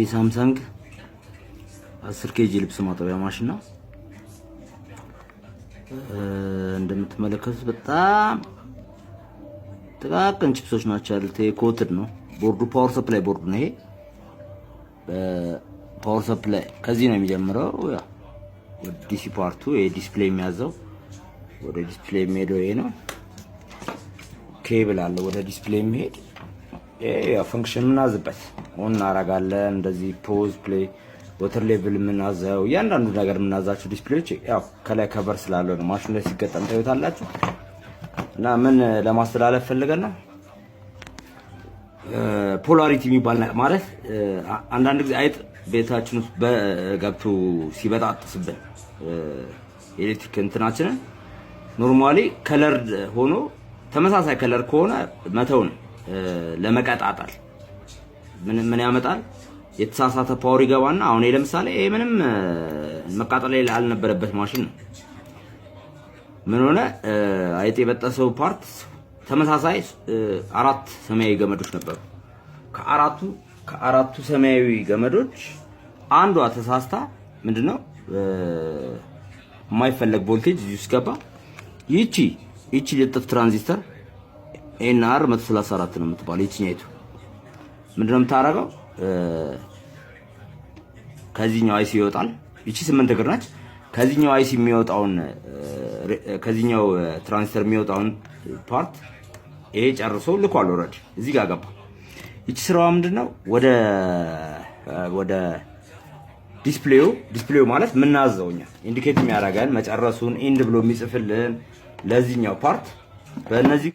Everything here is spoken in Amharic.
የሳምሰንግ 10 ኬጂ ልብስ ማጠቢያ ማሽን ነው። እንደምትመለከቱት በጣም ጥቃቅን ቺፕሶች ናቸው ያሉት። ኮትድ ነው ቦርዱ። ፓወር ሰፕላይ ቦርዱ ነው ይሄ። ፓወር ሰፕላይ ከዚህ ነው የሚጀምረው። ያ ዲሲ ፓርቱ ዲስፕሌይ የሚያዘው ወደ ዲስፕሌይ የሚሄደው ይሄ ነው። ኬብል አለ ወደ ዲስፕሌይ የሚሄድ ፈንክሽን ምናዝበት ሆን እናረጋለን። እንደዚህ ፖዝ ፕሌይ ወተር ሌቭል የምናዘው እያንዳንዱ ነገር የምናዛቸው ዲስፕሌዎች ያው ከላይ ከበር ስላለው ነው። ማሽን ላይ ሲገጠም ታዩታላችሁ። እና ምን ለማስተላለፍ ፈልገን ነው ፖላሪቲ የሚባል ማለት አንዳንድ ጊዜ አይጥ ቤታችን ውስጥ በገብቶ ሲበጣጥስብን ኤሌክትሪክ እንትናችንን ኖርማሊ ከለር ሆኖ ተመሳሳይ ከለር ከሆነ መተው ነው። ለመቀጣጣል ምን ያመጣል? የተሳሳተ ፓወር ይገባና አሁን ለምሳሌ ይሄ ምንም መቃጠል ላይ አልነበረበት ማሽን ነው። ምን ሆነ? አይጥ የበጠሰው ፓርት ተመሳሳይ አራት ሰማያዊ ገመዶች ነበሩ። ከአራቱ ከአራቱ ሰማያዊ ገመዶች አንዷ ተሳስታ ምንድነው የማይፈለግ ቮልቴጅ እዚህ ውስጥ ገባ። ይቺ ይቺ ልጥፍ ትራንዚስተር ኤንአር 134 ነው የምትባለው። የትኛይቱ ምንድነው የምታደርገው? ከዚህኛው አይሲ ይወጣል። ይቺ ስምንት እግር ናት። ከዚህኛው አይሲ የሚወጣውን ከዚህኛው ትራንዚስተር የሚወጣውን ፓርት ይሄ ጨርሶ ልኳል። ኦልሬዲ እዚህ ጋር ገባ። ይቺ ስራዋ ምንድነው? ወደ ወደ ዲስፕሌው ዲስፕሌው ማለት ምናዘውኛ ኢንዲኬት የሚያደርገን መጨረሱን ኢንድ ብሎ የሚጽፍልን ለዚህኛው ፓርት በእነዚህ